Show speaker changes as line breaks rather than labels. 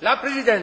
La președinte.